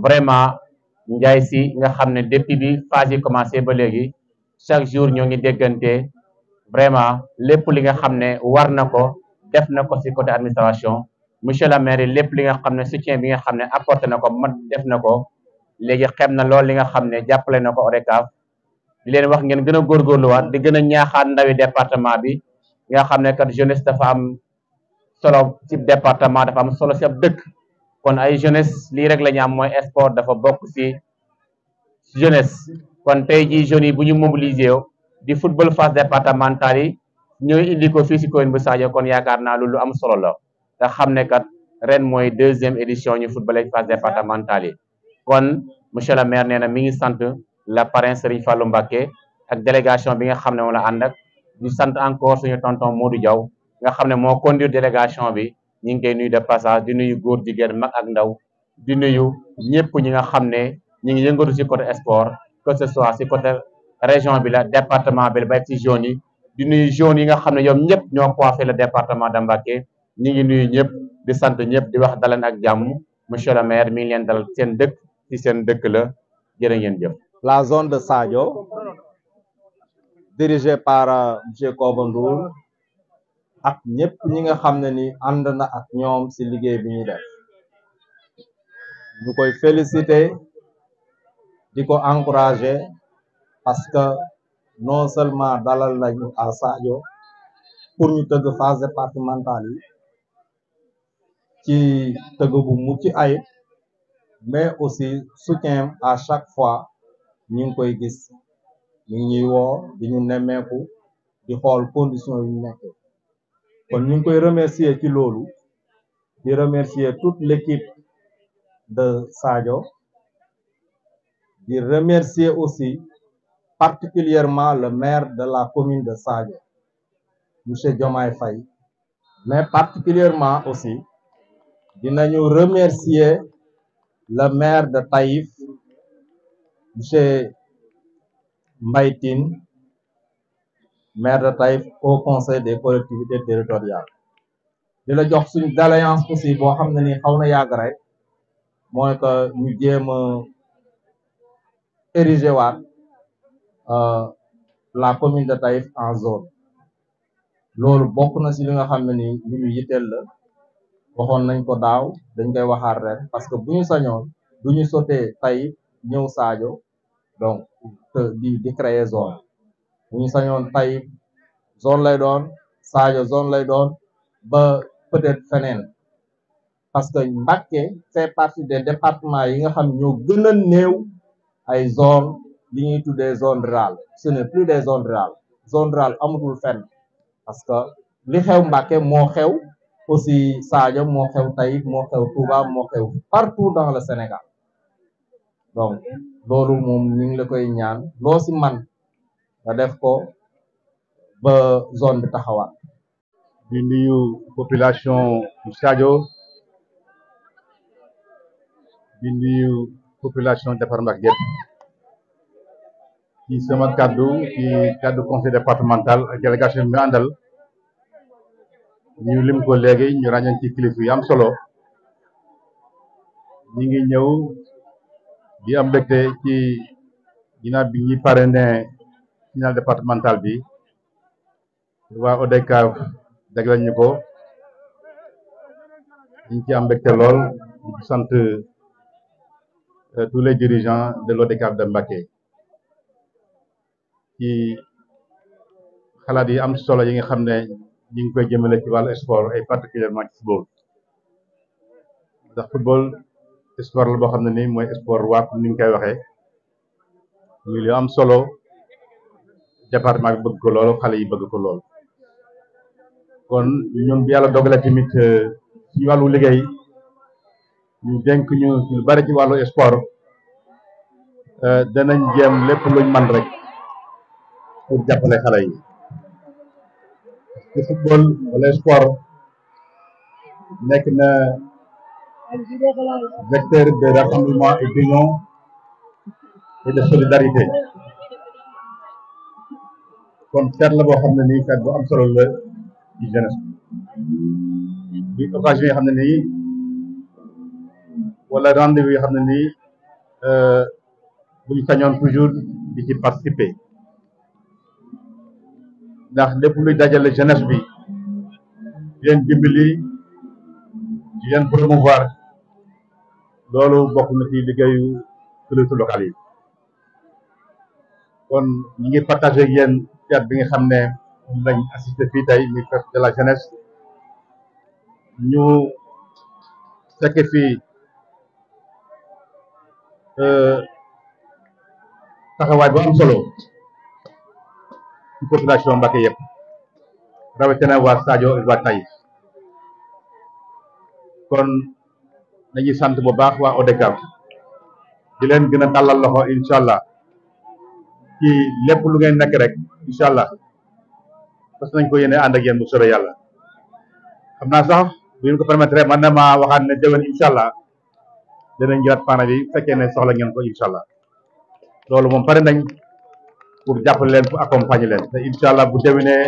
vraiment Ndiaye mm-hmm. si nga xam ne depuis bi phase yi commencé ba léegi chaque jour ñoo ngi déggante vraiment lépp li nga xam ne war na ko def na ko ci côté administration monsieur le maire lépp li nga xam ne soutien bi nga xam ne apporté na ko mat def na ko léegi xem na lool li nga xam ne jàppale na ko ODCAV di leen wax ngeen gën a góorgóorluwaat di gën a ñaaxaat ndawi département bi nga xam ne kat jeunesse dafa am solo ci département dafa am solo ci ab dëkk kon ay jeunesse lii rek la am mooy sport dafa bokk ci jeunesse kon tey jii jeunes yi bu ñu mobiliser woo di football phase départementale yi ñooy indi ko fii ci bu Sadio kon yaakaar naa loolu lu am solo lo te xam ne kat ren mooy deuxième édition ñu footballé phase départementale kon monsieur le maire nee mi ngi sant la parrain Serigne Fallou Mbacké ak délégation bi nga xam ne moom la ànd ak ñu sant moo conduire délégation bi. ñu ngi koy nuyu de passage di nuyu góor jigéen mag ak ndaw di nuyu ñëpp ñi nga xam ne ñu ngi yëngatu si côté sport que ce soit si côté région bi la département bi la ba ci zone yi nga xam ne ñoom ñëpp ñoo coiffé le département de Mbacké ñu ngi nuyu ñëpp di sant ñëpp di wax daleen ak jàmm monsieur le maire mi ngi leen dalal seen dëkk ci seen dëkk la jërë ngeen jëf. La zone de Sadio dirigée par euh, monsieur Kobandour ak ñëpp ñi nga xam ne ni ànd na ak ñoom ci liggéey bi ñuy def ñu koy féliciter di ko encourager parce que non seulement dalal nañu à Sadio pour ñu tëgg phase départementale yi ci tëgg bu mucc ayib mais aussi soutien à chaque fois ñu ngi koy gis ñu ngi ñuy woo di ñu nemmeeku di xool condition yu nekkee kon ñu ngi koy remercier ci loolu di remercier toute l'équipe de Sadio di remercier aussi particulièrement le maire de la commune de Sadio monsieur Diomaye fay mais particulièrement aussi dinañu remercier le maire de Taïf monsieur mbaytin maire de Taïf au conseil des collectivités territoriales di la jox suñ doléance aussi boo xam ne ni xaw na yàgg rek ñu jéem a ériger waat euh, la commune de Taïf en zone loolu bokk na si li nga xam ne ni lu ñu la waxoon nañ ko daaw dañ koy waxaat ren parce que bu ñu sañoon du ñu sotee Taïf ñëw saajo donc di di créer zone bu ñu sañoon Taïb zone lay doon Sadio zone lay doon ba peut-être feneen parce que Mbacké fait partie des départements yi nga xam ñoo gën a néew ay zone li ñuy tuddee zone rurale ce n'est plus des zones rurales zone rurale amatul fenn parce que li xew Mbacké moo xew aussi Sadio moo xew Taïb moo xew Touba moo xew partout dans le Sénégal donc loolu moom ñu la koy ñaan loo si man te def ko ba zone bi taxawaat di nuyu population bu Sadio di nuyu population département yëpp ci sama kaddu ci kaddu conseil départemental ak délégation bi àndal ñu lim ko léegi ñu ràññan ci kilifa yi am solo ñi ngi ñëw di am mbégte ci bi ñuy parrainé final départemental bi waa ODCAV jagleel ñu ko ñu ci am mbégte lool di sant euh, tous les dirigeants de l'ODCAV de Mbacké ci xalaat yi am solo yi nga xam ne ñu ngi koy jëmale ci wàllu sport et particulièrement ci football ndax football sport la boo xam ne nii mooy sport waa ni ñu koy waxe muy lu am solo. département bi bëgg ko loolu xale yi bëgg ko loolu kon ñun bi yàlla dogalee tamit suñu euh, wàllu liggéey ñu dénk ñu lu bari ci wàllu sport euh, danañ jéem lépp luñ man rek pour jàppale xale yi ci football wala sport nekk na vecteur de rassemblement et d'union et de solidarité kon kat la boo xam ne ni kat bu am solo la ci jeunesse bi occasion yi xam ne nii walla rendez-vous xam ne nii euh, buñ sañoon toujours di ci participer ndax lépp luy dajale jeunesse bi di leen dimbali di leen promouvoir loolu bokk na ci liggéeyu collectivités locales yi kon ñu ngi partager ak ci bi nga xam ne lañ assisté fii tey muy fête la jeunesse ñu fi fii euh, taxawaay bu am solo ci population Mbacké yëpp rawatina waa Sadio waa Taïf kon nañuy sant bu baax waa ODCAV di leen gën a loxo incha allah ci lépp lu ngeen nekk rek incha allah parce nañ ko yéene ànd ak yéen bu soobee yàlla xam naa sax bu ngeen ko permettre man na maa waxaat ne déwén allah danañ jëlaat paana bi fekkee ne soxla ngeen ko incha allah loolu moom pare nañ pour jàppale leen pour accompagner leen te allah bu déwénee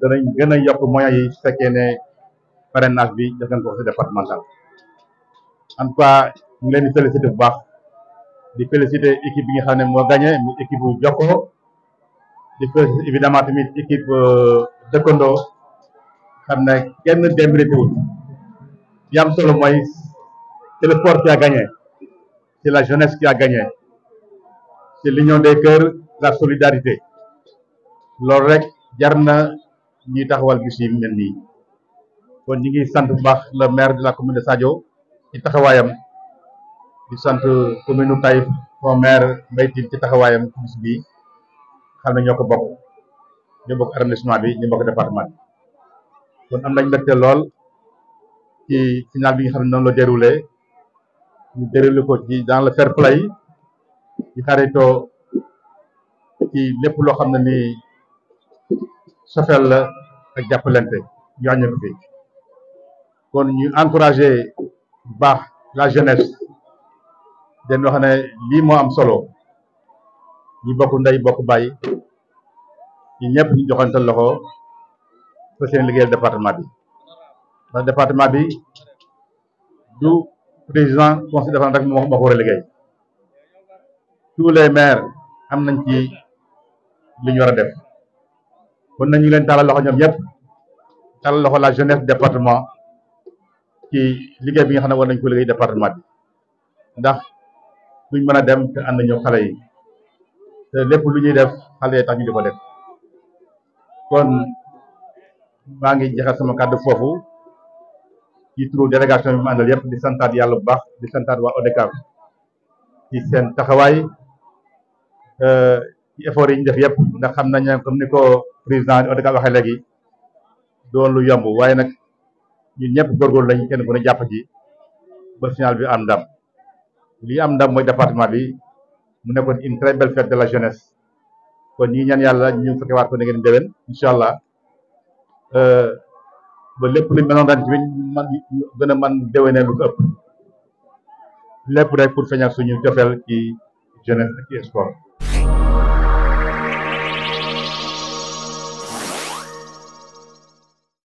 danañ gën a yokk moyens yi fekkee ne parrainage bi def ko ci départemental en tout leen di bu baax. di féliciter équipe bi nga xam ne moo gagné muy équipe bu Jokkoo di féliciter évidemment tamit équipe euh, dëkkandoo xam ne kenn démérité wul li am solo mooy c'est le sport ci la jeunesse qui a gagné c'est l'union des cœurs la solidarité loolu rek jar na ñuy taxawal bis yi mel nii kon ñu ngi sant bu baax la maire de la commune de Sadio ci taxawaayam. di sant commune nu Taïf son maire Mbaye Tine ci taxawaayam ci bis xam ne ñoo ko bokk ñu bokk arrondissement bi ñu bokk département bi kon am nañ mbégte lool ci final bi nga xam ne noonu la déroulé ñu ci dans le fair play di xaritoo ci lépp loo xam ne ni sofel la ak jàppalante ñu àññu fi kon ñu encouragé baax la jeunesse. den wax ne lii moo am solo ñu bokk ndey bokk bàyyi ñu ñëpp ñu joxante loxo fa seen liggéeyal département bi ndax département bi du président conseil départemental rek moo moo ko war a les maires am nañ ci li ñu war a def kon nañu leen tàllal loxo ñoom ñëpp tàllal loxo la jeunesse département ci liggéey bi nga xam ne war nañ ko liggéey département bi ndax duñ mën a dem te ànd ñoo xale yi te lépp lu ñuy def xale yi tax ñu di ko kon maa ngi jeexal sama kàddu foofu ci turu délégation bi ma àndal yëpp di santaat yàlla bu baax di santaat waa ODCAV ci seen taxawaay ci effort yi ñu def yëpp ndax xam na ne comme ni ko président di ODCAV waxee léegi doon lu yomb waaye nag ñu ñëpp góorgóorlu lañ kenn ku ne jàpp ci ba final bi am ndam. li am ndam mooy département bi mu nekkoon une très de la jeunesse kon ñi ñaan yàlla ñu fekke ko ne ngeen déwén incha allah euh, ba lépp luñ mënoon ren man gën a man déwénee lu ko ëpp lépp rek pour feeñal suñu jofeel ci jeunesse ak ci sport